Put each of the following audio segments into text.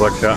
火車，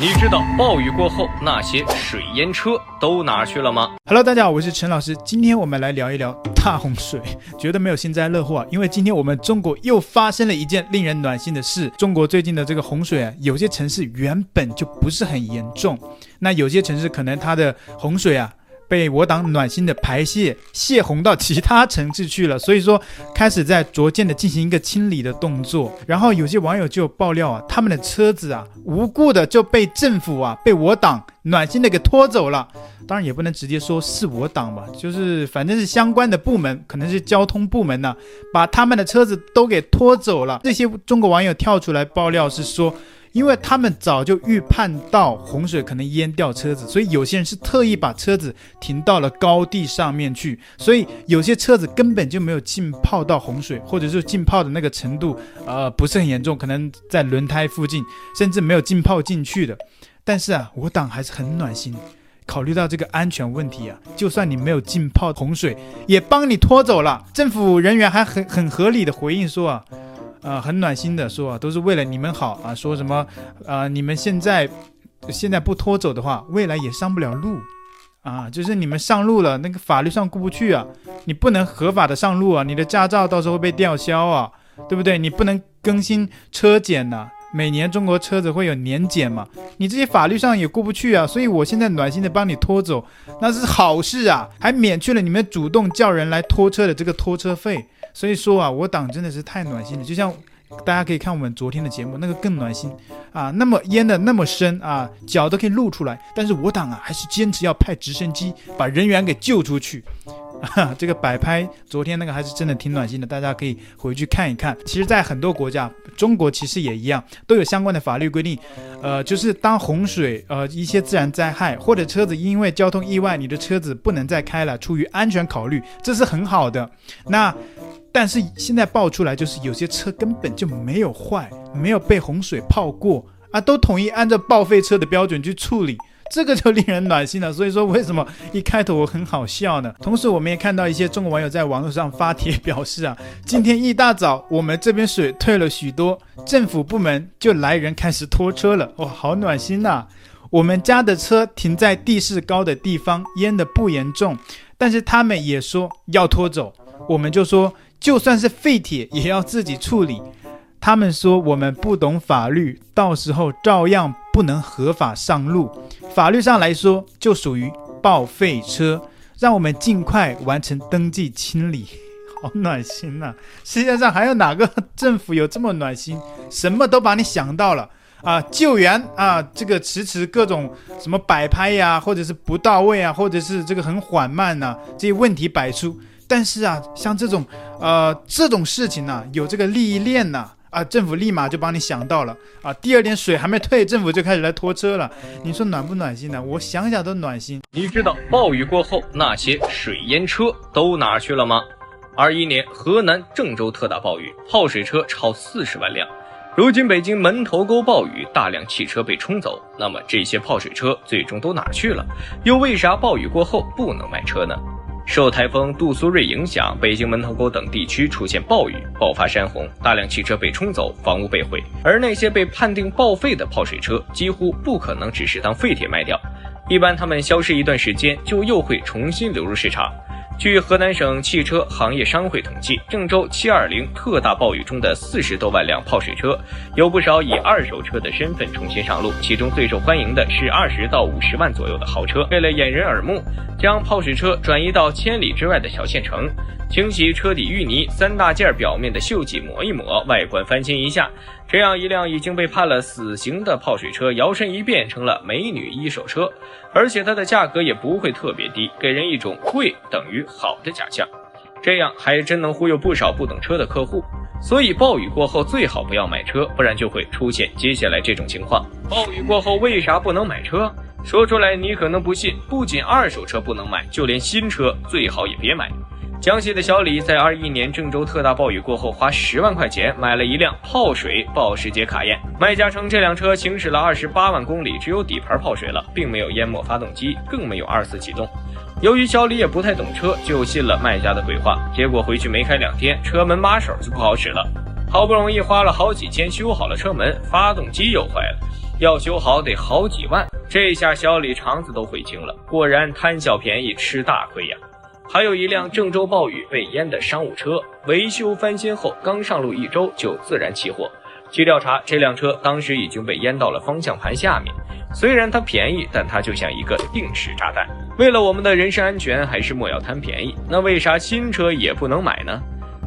你知道暴雨過後那些水淹車都哪去了嗎？Hello，大家好，我是陳老師，今天我們來聊一聊大洪水，覺得沒有幸災樂禍，啊。因為今天我們中國又發生了一件令人暖心的事。中國最近的這個洪水啊，有些城市原本就不是很嚴重，那有些城市可能它的洪水啊。被我黨暖心的排泄泄洪到其他城市去了，所以說開始在逐漸的進行一個清理的動作。然後有些網友就爆料啊，他們的車子啊，無故的就被政府啊，被我黨暖心的給拖走了。當然也不能直接說是我黨吧，就是反正是相關的部門，可能是交通部門呢、啊，把他們的車子都給拖走了。這些中國網友跳出來爆料是說。因為他們早就預判到洪水可能淹掉車子，所以有些人是特意把車子停到了高地上面去，所以有些車子根本就沒有浸泡到洪水，或者是浸泡的那個程度，呃，不是很嚴重，可能在輪胎附近，甚至沒有浸泡進去的。但是啊，我黨還是很暖心，考慮到這個安全問題啊，就算你沒有浸泡洪水，也幫你拖走了。政府人員還很很合理的回應說啊。呃，很暖心的說啊，都是為了你們好啊。說什麼，呃，你們現在現在不拖走的話，未來也上不了路，啊，就是你們上路了，那個法律上過不去啊，你不能合法的上路啊，你的駕照到時候會被吊銷啊，對不對？你不能更新車檢呢啊。每年中國車子會有年檢嘛，你這些法律上也過不去啊。所以我現在暖心的幫你拖走，那是好事啊，還免去了你們主動叫人來拖車的這個拖車費。所以說啊，我黨真的是太暖心了，就像大家可以看我們昨天的節目，那個更暖心啊，那麼淹的那麼深啊，腳都可以露出來，但是我黨啊還是堅持要派直升機把人員給救出去。啊，這個擺拍，昨天那個還是真的挺暖心的，大家可以回去看一看。其實，在很多國家，中國其實也一樣，都有相關的法律規定。呃，就是當洪水、呃一些自然災害，或者車子因為交通意外，你的車子不能再開了，出於安全考慮，這是很好的。那，但是現在爆出來，就是有些車根本就沒有壞，沒有被洪水泡過啊，都統一按照報廢車的標準去處理。這個就令人暖心了，所以說為什麼一開頭我很好笑呢？同時，我們也看到一些中國網友在網絡上發帖表示啊，今天一大早我們這邊水退了許多，政府部門就來人開始拖車了，哇、哦，好暖心吶、啊！我們家的車停在地勢高的地方，淹得不嚴重，但是他們也說要拖走，我們就說就算是廢鐵也要自己處理，他們說我們不懂法律，到時候照樣。不能合法上路，法律上來說就屬於報廢車，讓我們盡快完成登記清理。好暖心吶、啊！世界上還有哪個政府有這麼暖心？什麼都把你想到了啊！救援啊，這個遲遲各種什麼擺拍呀、啊，或者是不到位啊，或者是這個很緩慢吶、啊，這些問題擺出。但是啊，像這種呃這種事情呢、啊，有這個利益鏈呢。啊，政府立馬就幫你想到了啊！第二天水還沒退，政府就開始來拖車了。你說暖不暖心呢？我想想都暖心。你知道暴雨過後那些水淹車都哪去了嗎？二一年河南鄭州特大暴雨，泡水車超四十萬輛。如今北京門頭溝暴雨，大量汽車被衝走。那麼這些泡水車最終都哪去了？又為啥暴雨過後不能賣車呢？受颱風杜蘇芮影響，北京門頭溝等地區出現暴雨，爆發山洪，大量汽車被沖走，房屋被毀。而那些被判定報廢的泡水車，幾乎不可能只是當廢鐵賣掉，一般他們消失一段時間，就又會重新流入市場。據河南省汽車行業商會統計，鄭州七二零特大暴雨中的四十多萬輛泡水車，有不少以二手車的身份重新上路。其中最受歡迎的是二十到五十萬左右的豪車。為了掩人耳目，將泡水車轉移到千里之外的小縣城，清洗車底淤泥，三大件表面的鏽跡抹一抹，外觀翻新一下。這樣一輛已經被判了死刑的泡水車，搖身一變成了美女一手車，而且它的價格也不會特別低，給人一種貴等於好的假象，這樣還真能忽悠不少不懂車的客戶。所以暴雨過後最好不要買車，不然就會出現接下來這種情況。暴雨過後為啥不能買車？說出來你可能不信，不僅二手車不能買，就連新車最好也別買。江西的小李在二一年鄭州特大暴雨過後，花十萬塊錢買了一輛泡水保時捷卡宴。賣家稱這輛車行駛了二十八萬公里，只有底盤泡水了，並沒有淹沒發動機，更沒有二次啟動。由於小李也不太懂車，就信了賣家的鬼話。結果回去沒開兩天，車門把手就不好使了。好不容易花了好幾千修好了車門，發動機又壞了，要修好得好幾萬。這下小李腸子都悔青了。果然貪小便宜吃大虧呀！還有一輛鄭州暴雨被淹的商務車，維修翻新後剛上路一周就自燃起火。據調查，這輛車當時已經被淹到了方向盤下面。雖然它便宜，但它就像一個定時炸彈。為了我們的人身安全，還是莫要貪便宜。那為啥新車也不能買呢？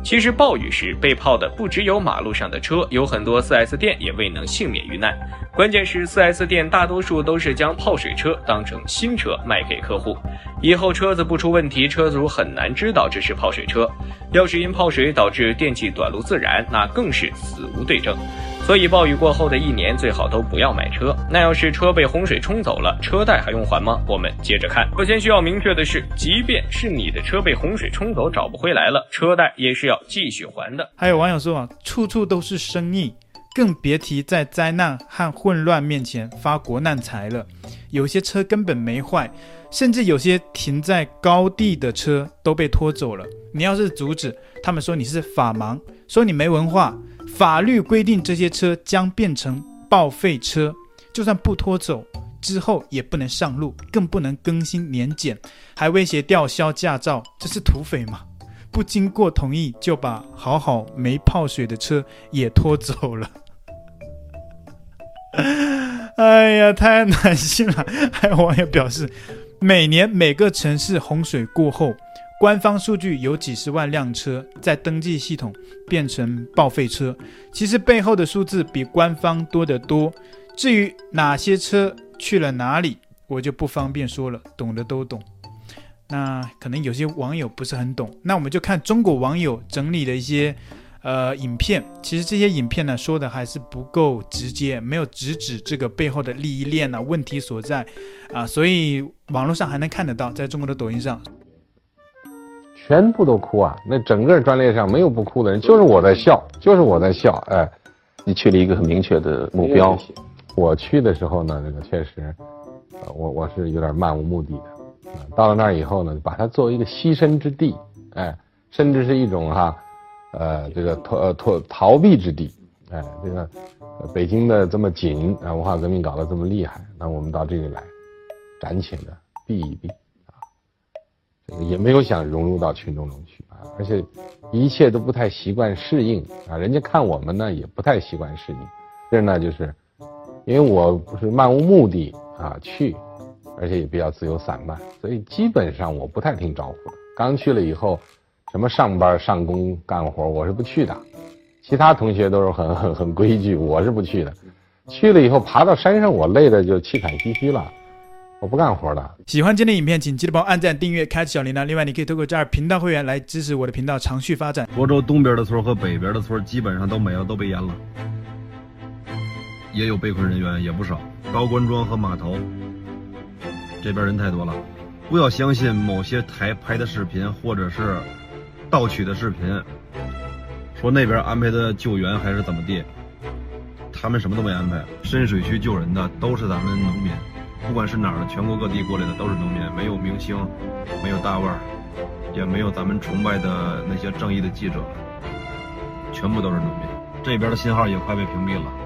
其實暴雨時被泡的不只有馬路上的車，有很多 4S 店也未能幸免於難。關鍵是 4S 店大多數都是將泡水車當成新車賣給客戶，以後車子不出問題，車主很難知道這是泡水車。要是因泡水導致電器短路自燃，那更是死無對證。所以，暴雨過後的一年，最好都不要買車。那要是車被洪水沖走了，車貸還用還嗎？我們接着看。首先需要明確的是，即便是你的車被洪水沖走找不回來了，車貸也是要繼續還的。還有網友說啊，處處都是生意，更別提在災難和混亂面前發國難財了。有些車根本沒壞。甚至有些停在高地的車都被拖走了。你要是阻止，他們說你是法盲，說你沒文化。法律規定這些車將變成報廢車，就算不拖走，之後也不能上路，更不能更新年檢，還威脅吊銷駕照。這是土匪嗎？不經過同意就把好好沒泡水的車也拖走了。 哎呀，太暖心了！還有網友表示。每年每個城市洪水過後，官方數據有幾十萬輛車在登記系統變成報廢車，其實背後的數字比官方多得多。至於哪些車去了哪裡，我就不方便說了，懂得都懂。那可能有些網友不是很懂，那我們就看中國網友整理的一些，呃，影片其實這些影片呢，說的還是不夠直接，沒有直指這個背後的利益鏈呢、啊、問題所在，啊，所以網絡上還能看得到，在中國的抖音上，全部都哭啊，那整個專列上沒有不哭的人，就是我在笑，就是我在笑，哎，你去了一個很明確的目標，嗯嗯嗯、我去的時候呢，這個確實，我我是有點漫無目的的，到了那以後呢，把它作為一個棲身之地，哎，甚至是一種哈。呃，這個逃逃逃,逃避之地，哎，這個北京的這麼緊，啊，文化革命搞得這麼厲害，那我們到這裡來，暫且的避一避，啊，這個也沒有想融入到群眾中去啊，而且一切都不太習慣適應啊，人家看我們呢也不太習慣適應，這呢就是因為我不是漫無目的啊去，而且也比較自由散漫，所以基本上我不太聽招呼，剛去了以後。什麼上班上工幹活，我是不去的。其他同學都是很很很規矩，我是不去的。去了以後爬到山上，我累得就氣喘吁吁了，我不幹活了。喜歡今天的影片，請記得幫我按贊、訂閱、開啟小鈴鐺。另外，你可以通過加入頻道會員來支持我的頻道長續發展。涿州東邊的村和北邊的村基本上都沒了，都被淹了。也有被困人員也不少。高官莊和碼頭這邊人太多了。不要相信某些台拍的視頻，或者是。盜取的視頻，說那邊安排的救援還是怎麼地？他們什麼都沒安排，深水區救人的都是咱們農民，不管是哪兒，全國各地過來的都是農民，沒有明星，沒有大腕，也沒有咱們崇拜的那些正義的記者，全部都是農民。這邊的信號也快被屏蔽了。